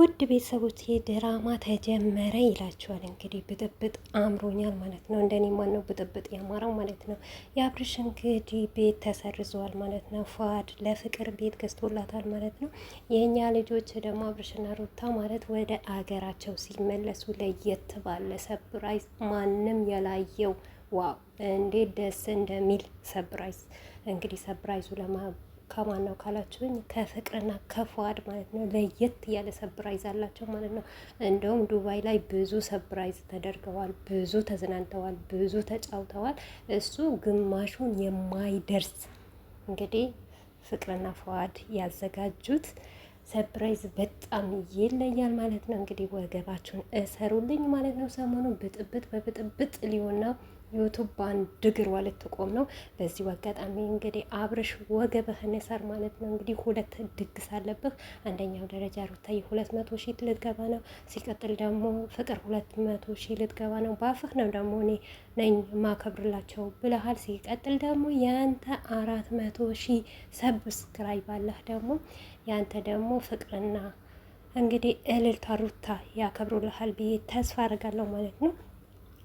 ውድ ቤተሰቦች ድራማ ተጀመረ ይላችኋል። እንግዲህ ብጥብጥ አምሮኛል ማለት ነው። እንደኔ ነው ብጥብጥ ያማረው ማለት ነው። የአብርሽ እንግዲህ ቤት ተሰርዟል ማለት ነው። ፏድ ለፍቅር ቤት ገዝቶላታል ማለት ነው። የእኛ ልጆች ደግሞ አብርሽና ሩታ ማለት ወደ አገራቸው ሲመለሱ ለየት ባለ ሰብራይዝ ማንም የላየው ዋው፣ እንዴት ደስ እንደሚል ሰብራይዝ እንግዲህ ሰብራይዙ ለማ ከማን ነው ካላችሁኝ ከፍቅርና ከፏድ ማለት ነው። ለየት ያለ ሰብራይዝ አላቸው ማለት ነው። እንደውም ዱባይ ላይ ብዙ ሰብራይዝ ተደርገዋል፣ ብዙ ተዝናንተዋል፣ ብዙ ተጫውተዋል። እሱ ግማሹን የማይደርስ እንግዲህ ፍቅርና ፏድ ያዘጋጁት ሰርፕራይዝ በጣም ይለያል ማለት ነው። እንግዲህ ወገባችሁን እሰሩልኝ ማለት ነው። ሰሞኑን ብጥብጥ በብጥብጥ ሊሆን ነው። ዩቱብ በአንድ ማለት ልትቆም ነው። በዚሁ አጋጣሚ እንግዲህ አብርሽ ወገብህን ሰር ማለት ነው። እንግዲህ ሁለት ድግስ አለብህ። አንደኛው ደረጃ ሩታዬ ሁለት መቶ ሺህ ልትገባ ነው። ሲቀጥል ደግሞ ፍቅር ሁለት መቶ ሺህ ልትገባ ነው። በአፍህ ነው ደግሞ እኔ ነኝ ማከብርላቸው ብለሃል። ሲቀጥል ደግሞ የአንተ አራት መቶ ሺህ ሰብስክራይብ አለህ። ደግሞ የአንተ ደግሞ ፍቅርና እንግዲህ እልልታ ሩታ ያከብሩልሃል ብዬ ተስፋ አደርጋለሁ ማለት ነው።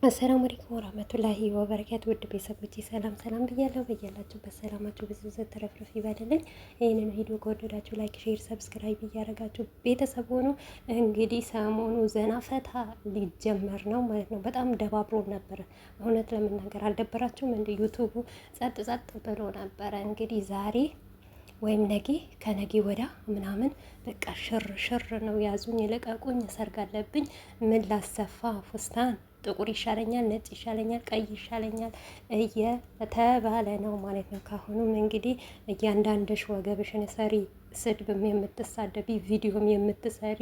አሰላሙ አለይኩም ወራህመቱላሂ ወበረካቱ ውድ ቤተሰቦች ሰላም ሰላም ብያለሁ። በያላችሁ ሰላማችሁ ብዙ ተረፍረፍ ይበልልኝ። ይህንን ቪዲዮ ከወደዳችሁ ላይክ፣ ሼር፣ ሰብስክራይብ እያደረጋችሁ ቤተሰብ ሆኑ። እንግዲህ ሰሞኑ ዘና ፈታ ሊጀመር ነው ማለት ነው። በጣም ደባብሮ ነበረ እውነት ለመናገር አልደበራችሁም? እንደ ዩቱቡ ጸጥ ጸጥ ብሎ ነበረ። እንግዲህ ዛሬ ወይም ነገ ከነገ ወዳ ምናምን በቃ ሽር ሽር ነው ያዙኝ፣ ልቀቁኝ፣ ሰርግ አለብኝ፣ ምን ላሰፋ ፉስታን ጥቁር ይሻለኛል፣ ነጭ ይሻለኛል፣ ቀይ ይሻለኛል እየተባለ ነው ማለት ነው። ካሁኑም እንግዲህ እያንዳንድሽ ወገብሽን ሰሪ፣ ስድብም የምትሳደቢ ቪዲዮም የምትሰሪ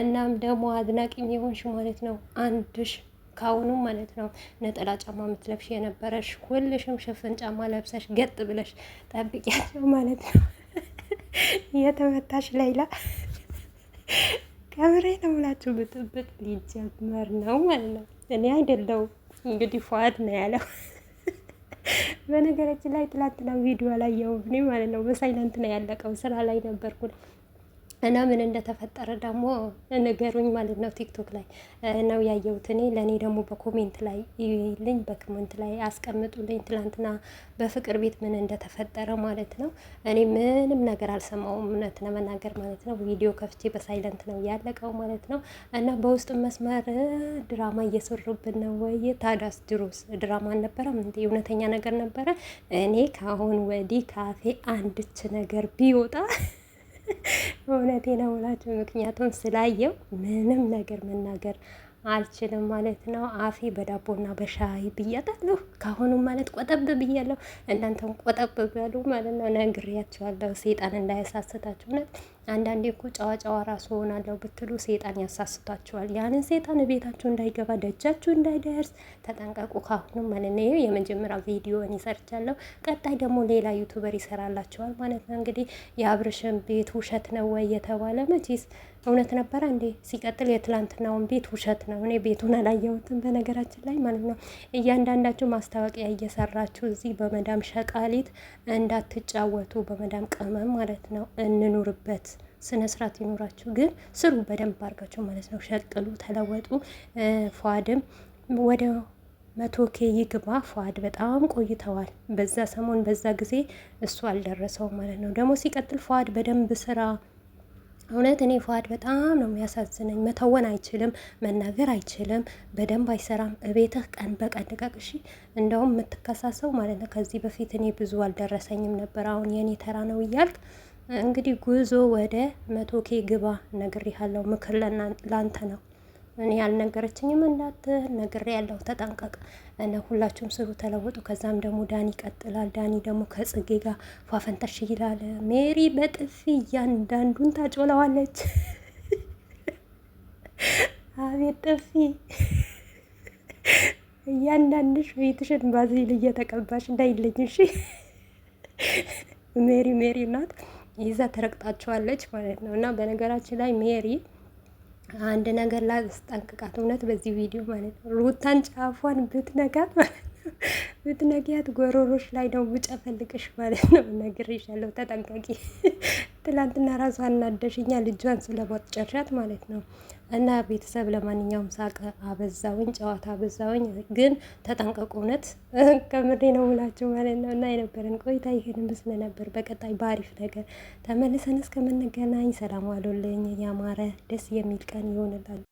እናም ደግሞ አድናቂም የሆንሽ ማለት ነው አንድሽ ካሁኑ ማለት ነው ነጠላ ጫማ የምትለብሽ የነበረሽ ሁልሽም ሽፍን ጫማ ለብሰሽ ገጥ ብለሽ ጠብቂያቸው ማለት ነው። የተመታሽ ላይላ ከምሬ ነው ብላችሁ ብጥብጥ ሊጀመር ነው ማለት ነው። እኔ አይደለው እንግዲህ ፏድ ነው ያለው። በነገራችን ላይ ትላንትና ቪዲዮ ላይ ያው ማለት ነው በሳይለንት ነው ያለቀው ስራ ላይ ነበርኩ። እና ምን እንደተፈጠረ ደግሞ ንገሩኝ ማለት ነው። ቲክቶክ ላይ ነው ያየሁት እኔ። ለእኔ ደግሞ በኮሜንት ላይ ይልኝ፣ በኮሜንት ላይ አስቀምጡልኝ። ትላንትና በፍቅር ቤት ምን እንደተፈጠረ ማለት ነው። እኔ ምንም ነገር አልሰማውም እውነት ለመናገር ማለት ነው። ቪዲዮ ከፍቼ በሳይለንት ነው ያለቀው ማለት ነው። እና በውስጥ መስመር ድራማ እየሰሩብን ነው ወይ? ታዳስ ድሮስ ድራማ አልነበረም እንዴ? እውነተኛ ነገር ነበረ። እኔ ከአሁን ወዲህ ካፌ አንድች ነገር ቢወጣ እውነቴ ነው ላቸው። ምክንያቱም ስላየው ምንም ነገር መናገር አልችልም ማለት ነው። አፌ በዳቦና በሻይ ብያጣለሁ። ካሁኑም ማለት ቆጠብ ብያለሁ። እናንተም ቆጠብ ብያሉ ማለት ነው። ነግሬያቸዋለሁ፣ ሴጣን እንዳያሳስታችሁ ነት አንዳንዴ እኮ ጨዋ ጨዋ ራሱ ሆናለሁ ብትሉ ሴጣን ያሳስቷቸዋል። ያንን ሴጣን ቤታችሁ እንዳይገባ ደጃችሁ እንዳይደርስ ተጠንቀቁ። ካሁኑ ማለት ነው የመጀመሪያ ቪዲዮን ይሰርቻለሁ። ቀጣይ ደግሞ ሌላ ዩቱበር ይሰራላችኋል ማለት ነው። እንግዲህ የአብርሽን ቤት ውሸት ነው ወይ የተባለ መቼስ እውነት ነበረ እንዴ? ሲቀጥል የትላንትናውን ቤት ውሸት ነው። እኔ ቤቱን አላየሁትም በነገራችን ላይ ማለት ነው። እያንዳንዳችሁ ማስታወቂያ እየሰራችሁ እዚህ በመዳም ሸቃሊት እንዳትጫወቱ፣ በመዳም ቅመም ማለት ነው። እንኑርበት ስነ ስርዓት ይኖራችሁ፣ ግን ስሩ በደንብ አድርጋችሁ ማለት ነው። ሸቅሉ፣ ተለወጡ። ፏድም ወደ መቶ ኬ ይግባ። ፏድ በጣም ቆይተዋል። በዛ ሰሞን በዛ ጊዜ እሱ አልደረሰው ማለት ነው። ደግሞ ሲቀጥል ፏድ በደንብ ስራ እውነት እኔ ፏድ በጣም ነው የሚያሳዝነኝ። መተወን አይችልም፣ መናገር አይችልም፣ በደንብ አይሰራም። እቤትህ ቀን በቀን ልቀቅ እሺ። እንደውም የምትከሳሰው ማለት ነው። ከዚህ በፊት እኔ ብዙ አልደረሰኝም ነበር፣ አሁን የእኔ ተራ ነው እያልክ እንግዲህ ጉዞ ወደ መቶ ኬ ግባ ያለው ምክር ላንተ ነው። እኔ ያልነገረችኝም እንዳትል ያለው ተጠንቀቅ። እነ ሁላችሁም ስሩ፣ ተለወጡ። ከዛም ደግሞ ዳኒ ይቀጥላል። ዳኒ ደግሞ ከጽጌ ጋር ፏፈንተሽ ይላል። ሜሪ በጥፊ እያንዳንዱን ታጮለዋለች። አቤት ጥፊ! እያንዳንድሽ ቤትሽን ባዝሊን እየተቀባሽ እንዳይለኝ። እሺ ሜሪ ሜሪ ናት። ይዛ ትረግጣቸዋለች ማለት ነው። እና በነገራችን ላይ ሜሪ አንድ ነገር ላስጠንቅቃት፣ እውነት በዚህ ቪዲዮ ማለት ነው ሩታን ጫፏን ብትነጋት ማለት ነው ብትነጊያት፣ ጎሮሮች ላይ ነው ብጨፈልቅሽ ማለት ነው። ነግሬሻለሁ፣ ተጠንቀቂ። ትላንትና ራሱ አናደሽኛ ልጇን ጨርሻት ማለት ነው። እና ቤተሰብ ለማንኛውም ሳቅ አበዛውኝ፣ ጨዋታ አበዛውኝ። ግን ተጠንቀቁ፣ እውነት ከምሬ ነው ሙላችሁ ማለት ነው። እና የነበረን ቆይታ ይሄን ምስል ነበር። በቀጣይ በአሪፍ ነገር ተመልሰን እስከምንገናኝ ሰላም አሉልኝ። ያማረ ደስ የሚል ቀን ይሆንላል።